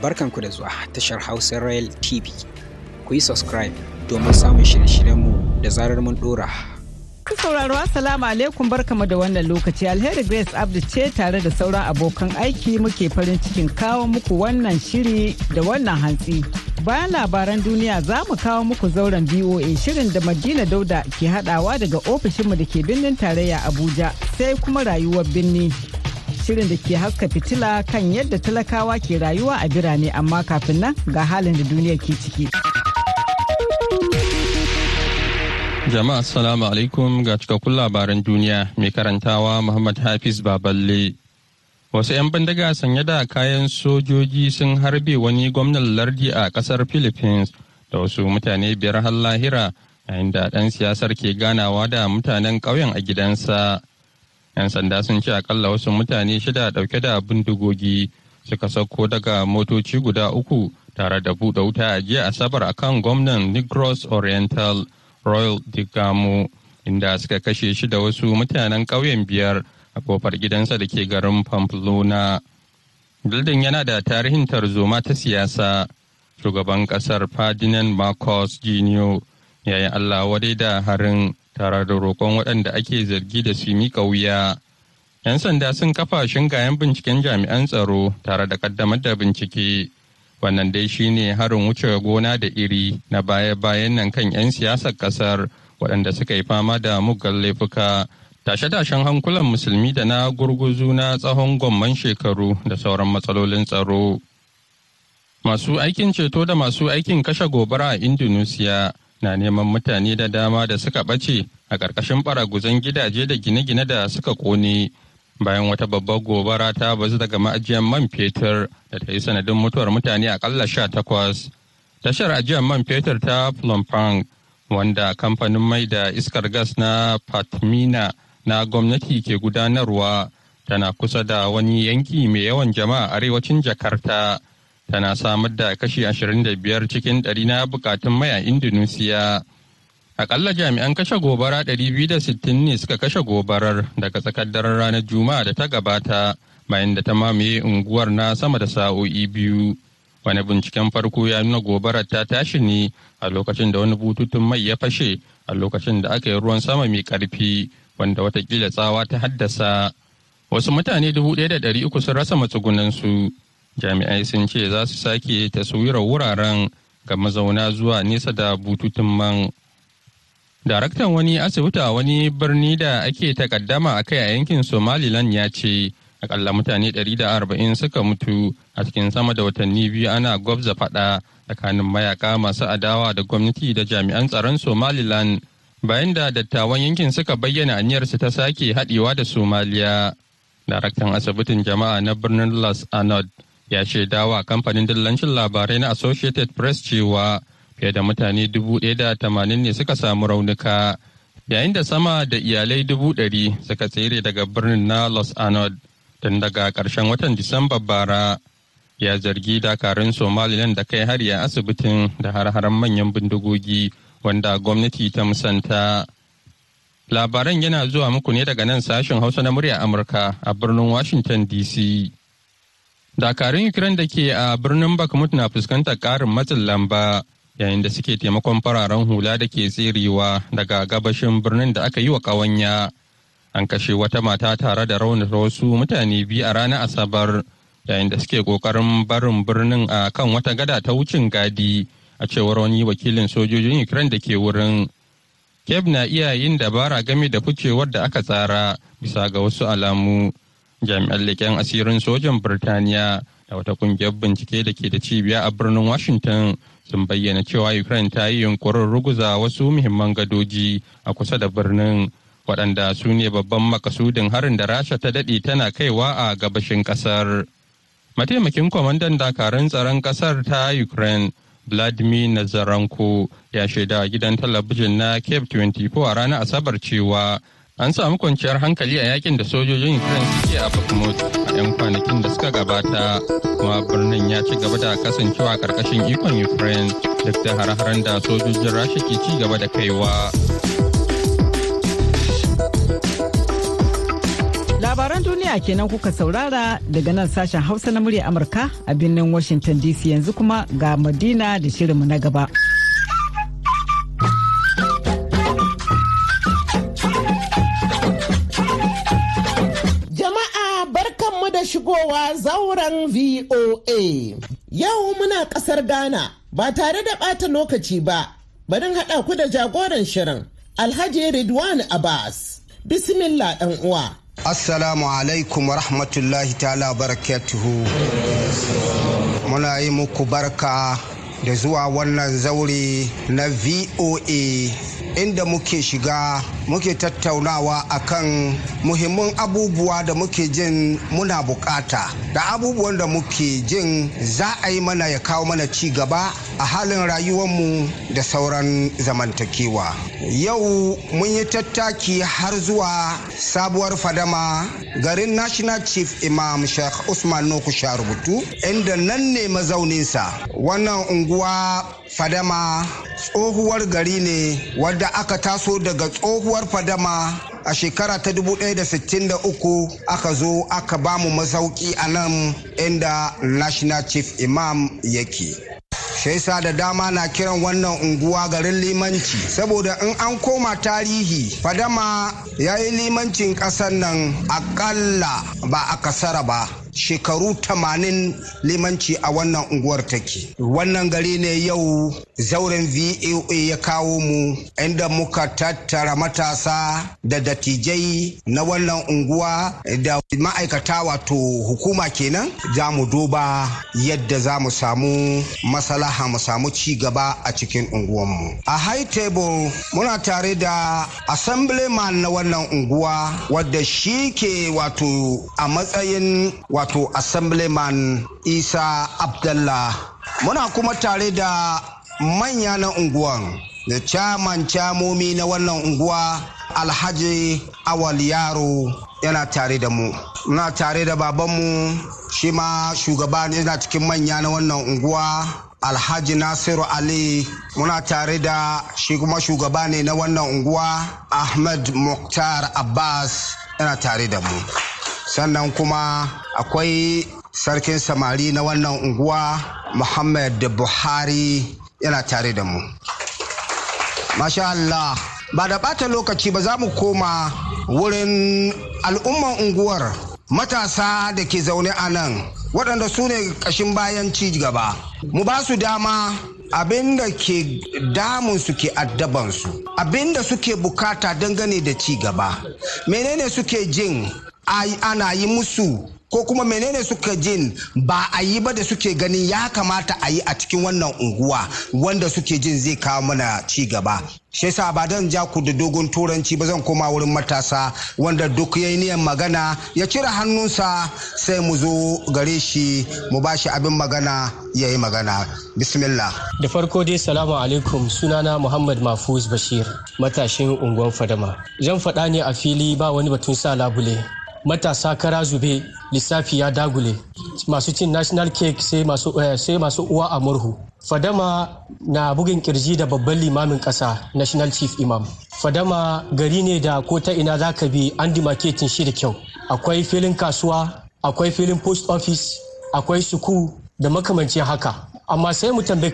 barkanku da zuwa tashar Hausa Royal TV. Ku yi subscribe domin samun shirye-shiryenmu da zarar mun dora. sauraro Assalamu alaikum barkamu da wannan lokaci alheri Grace Abdu ce tare da sauran abokan aiki muke farin cikin kawo muku wannan shiri da wannan hantsi. Bayan labaran duniya za mu kawo muku zauren BOA shirin da Madina Dauda ke hadawa daga ofishinmu da ke birnin tarayya Abuja sai kuma rayuwar birni. shirin da ke haska fitila kan yadda talakawa ke rayuwa a birane amma kafin nan ga halin da duniya ke ciki. Jama'a assalamu alaikum ga cikakkun labaran duniya mai karantawa Muhammad Hafiz Baballe. Wasu 'yan bandaga sanye da kayan sojoji sun harbe wani gwamnan lardi a kasar Philippines da wasu mutane biyar har lahira yayin da ɗan siyasar ke ganawa da mutanen ƙauyen a gidansa. 'Yan sanda sun ce akalla wasu mutane shida dauke da bindigogi suka sauko daga motoci guda uku tare da buɗe wuta a jiya Asabar kan gwamnan Negros Oriental Royal Digamo inda suka kashe shi da wasu mutanen ƙauyen biyar a kofar gidansa da ke garin Pamplona. Bildin yana da tarihin tarzoma ta siyasa. Shugaban ƙasar Ferdinand Marcos Jr. yayin Allah wadai da harin tare da roƙon waɗanda ake zargi da su miƙa wuya. 'Yan sanda sun kafa shingayen binciken jami'an tsaro tare da ƙaddamar da bincike. Wannan dai shi ne harin wuce gona da iri na baya-bayan nan kan 'yan siyasar ƙasar waɗanda suka yi fama da muggan laifuka. Tashe-tashen hankulan musulmi da na gurguzu na tsahon gwamman shekaru da sauran matsalolin tsaro. Masu aikin ceto da masu aikin kashe gobara a Indonesia na neman mutane da dama da suka ɓace a ƙarƙashin ɓaraguzan gidaje da gine-gine da suka ƙone bayan wata babbar gobara ta bazu daga ma'ajiyar man fetur da ta yi sanadin mutuwar mutane aƙalla sha takwas tashar ajiyar man fetur ta plumpang wanda kamfanin mai da iskar gas na patmina na gwamnati ke gudanarwa tana kusa da wani yanki mai yawan jama'a arewacin jakarta tana samar da kashi 25 cikin ɗari na bukatun mai a Indonesia. Akalla jami'an kashe gobara ɗari biyu da sittin ne suka kashe gobarar daga tsakar daren ranar Juma'a da ta gabata bayan da ta mamaye unguwar na sama da sa'o'i biyu. Wani binciken farko ya nuna gobarar ta tashi ne a lokacin da wani bututun mai ya fashe a lokacin da aka yi ruwan sama mai ƙarfi wanda watakila tsawa ta haddasa. Wasu mutane dubu da uku sun rasa matsugunansu. jami'ai sun ce za su sake taswirar wuraren ga mazauna zuwa nesa da bututun man daraktan wani asibiti wani birni da ake takaddama a kai a yankin somaliland ya ce akalla mutane 140 suka mutu a cikin sama da watanni biyu ana gwabza fada tsakanin mayaka masu adawa da gwamnati da jami'an tsaron somaliland bayan da dattawan yankin suka bayyana aniyarsu ta sake haɗewa da somaliya daraktan asibitin jama'a na birnin las anod ya shaidawa kamfanin dillancin labarai na associated press cewa fiye da mutane da 1,080 ne suka samu raunuka yayin da sama da iyalai dubu ɗari suka tsere daga birnin na los anod tun daga ƙarshen watan disamba bara ya zargi dakarun somaliland da kai hari a asibitin da har-haren manyan bindigogi wanda gwamnati ta musanta labaran yana zuwa muku ne daga nan sashen hausa na murya amurka a birnin washington dc dakarun ukraine da ke a birnin bakhmut na fuskantar karin matsin lamba yayin da suke taimakon fararen hula da ke tserewa daga gabashin birnin da aka yi wa ƙawanya an kashe wata mata tare da raunata wasu mutane biyu a ranar asabar yayin da suke ƙoƙarin barin birnin a kan wata gada ta wucin gadi a cewar wani wakilin sojojin ukraine da ke wurin Kev na iya yin dabara game da fucewar da aka tsara bisa ga wasu alamu jami'an leƙen asirin sojan birtaniya da wata ƙungiyar bincike da ke da cibiya a birnin washington sun bayyana cewa ukraine ta yi yunkurin ruguza wasu muhimman gadoji a kusa da birnin waɗanda su ne babban makasudin harin da rasha ta daɗe tana kaiwa a gabashin ƙasar mataimakin kwamandan dakarun tsaron ƙasar ta ukraine vladimir nazaranko ya shaida gidan talabijin na cape 24 a ranar asabar cewa an samu kwanciyar hankali a yakin da sojojin ukraine suke a bakhmut a 'yan kwanakin da suka gabata kuma birnin ya ci gaba da kasancewa karkashin ikon ukraine duk da har-haren da sojojin rasha ke ci gaba da kaiwa labaran duniya kenan kuka saurara daga nan sashen hausa na murya amurka a birnin washington dc yanzu kuma ga madina da shirinmu na gaba. sauran VOA. Yau muna ƙasar Ghana ba tare da ɓata lokaci ba, barin haɗa ku da jagoran shirin Alhaji Ridwan Abbas. Bismillah ɗan uwa. Assalamu alaikum wa rahmatullahi ta'ala barakatuhu. Muna yi muku barka da zuwa wannan zaure na VOA inda muke shiga muke tattaunawa akan muhimmin abubuwa da muke jin muna bukata da abubuwan da muke jin za a yi mana ya kawo mana ci gaba a halin rayuwarmu da sauran zamantakewa yau mun yi tattaki har zuwa sabuwar fadama garin national chief imam sheikh usman nuku rubutu inda nan ne mazauninsa wannan unguwa fadama tsohuwar gari ne wadda aka taso daga tsohuwar fadama a shekara ta 1963 aka zo aka ba mu masauki a nan inda national chief imam yake shaisa da dama na kiran wannan unguwa garin limanci saboda in an koma tarihi fadama ya yi limancin ƙasar nan akalla ba a kasara ba shekaru tamanin limanci a wannan unguwar take wannan gari ne yau zauren voa ya kawo mu inda muka tattara matasa da dattijai na wannan unguwa da ma'aikata wato hukuma kenan za mu duba yadda za mu samu masalaha mu samu ci gaba a cikin unguwanmu a high table muna tare da assemblyman na wannan unguwa wadda shi ke wato a matsayin wato wato assemblyman isa abdallah muna kuma tare da manya na unguwan da caman camomi na wannan unguwa alhaji awal yaro yana tare da mu muna tare da babanmu shi ma shugaba yana cikin manya na wannan unguwa alhaji nasiru ali muna tare da shi kuma shugaba ne na wannan unguwa ahmed muktar abbas yana tare da mu sannan kuma akwai sarkin samari na wannan unguwa muhammad buhari yana tare da mu masha Allah ba da ɓata lokaci ba za mu koma wurin al'umman unguwar matasa da ke zaune a nan waɗanda su ne ƙashin bayan ci gaba mu ba su dama abin da ke damun su ke addabansu abin da suke bukata dangane da ci gaba menene suke jin ana yi musu ko kuma menene suka jin ba a yi ba da suke ganin ya kamata a yi a cikin wannan unguwa wanda suke jin zai kawo mana ci gaba shi yasa ba dan ja ku da dogon turanci ba zan koma wurin matasa wanda duk yayi niyan magana ya cire hannunsa sai mu zo gare shi mu ba shi abin magana yayi magana bismillah da farko dai salamu alaikum sunana muhammad mafuz bashir matashin unguwar fadama zan faɗa ne a fili ba wani batun sa labule matasa kara zube lissafi ya dagule masu cin national cake sai masu eh, uwa a murhu fadama na bugin kirji da babban limamin kasa national chief imam fadama gari ne da ko ta ina za ka bi an marketin shi da kyau akwai filin kasuwa akwai filin post office akwai suku da makamancin haka amma sai mu tambayi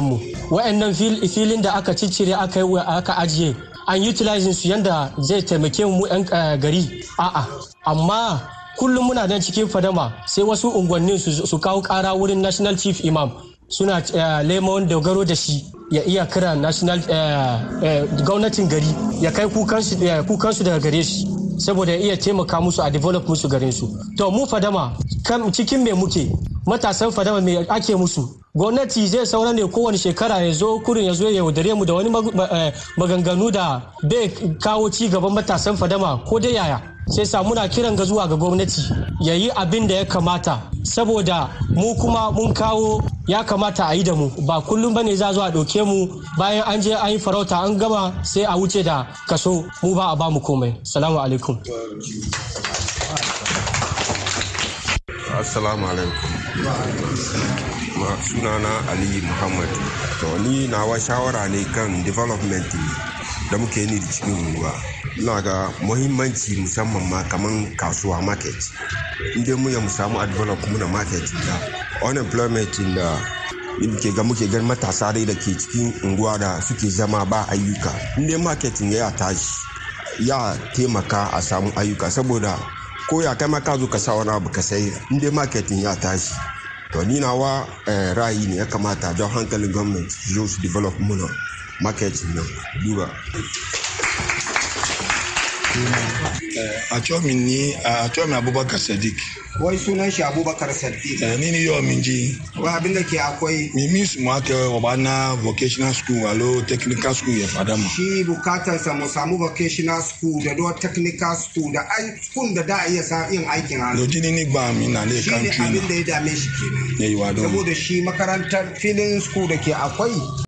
mu. Waɗannan filin da aka ciccire aka ajiye an utilizing su yanda zai taimake mu 'yan eh, gari a'a amma kullum muna nan cikin fadama sai wasu unguwannin su kawo kara wurin national chief imam suna eh, lemon dogaro da shi ya iya kira national eh, gwamnatin gari ya kai kukansu daga gare shi saboda ya iya taimaka musu a develop musu garin su to mu fadama cikin me muke matasan fadama me ake musu gwamnati zai saura ne kowane shekara ya zo kurin ya zo ya yaudare mu da wani eh, maganganu da bai kawo ci gaban matasan fadama ko dai yaya sai sa muna kiran ga zuwa ga gwamnati ya yi abin da ya kamata saboda mu kuma mun kawo ya kamata a yi da mu ba kullum ba ne za zuwa ɗauke mu bayan an je an yi farauta an gama sai a wuce da kaso mu ba a ba mu komai salamu alaikum assalamu alaikum sunana ali muhammad to ni nawa shawara ne kan development da muke ni da cikin ruwa ina ga muhimmanci musamman ma kaman kasuwa market inda mu ya mu samu advana kuma na market da unemployment da muke ga muke gan matasa dai da ke cikin unguwa da suke zama ba ayyuka inda marketing ya tashi ya taimaka a samu ayyuka saboda ko ya kai maka zo ka sa wani abu ka sai inda marketing ya tashi to ni wa eh, ra'ayi ne ya kamata don hankalin gwamnati zo development muna market na duba Eh, a min ni a cewa min abubakar sadiq wai sunan shi abubakar sadiq eh, ni ni yau min ji wa abinda ke akwai mi mi su ma ke wa na vocational school alo technical school ya fada mu shi bukatar sa samu vocational school da do technical school da ai kun da da iya sa yin aikin hannu do jini ni ba mi na le country shi ne abinda ya dame shi kenan yayi wa do saboda shi makarantar filin school da ke akwai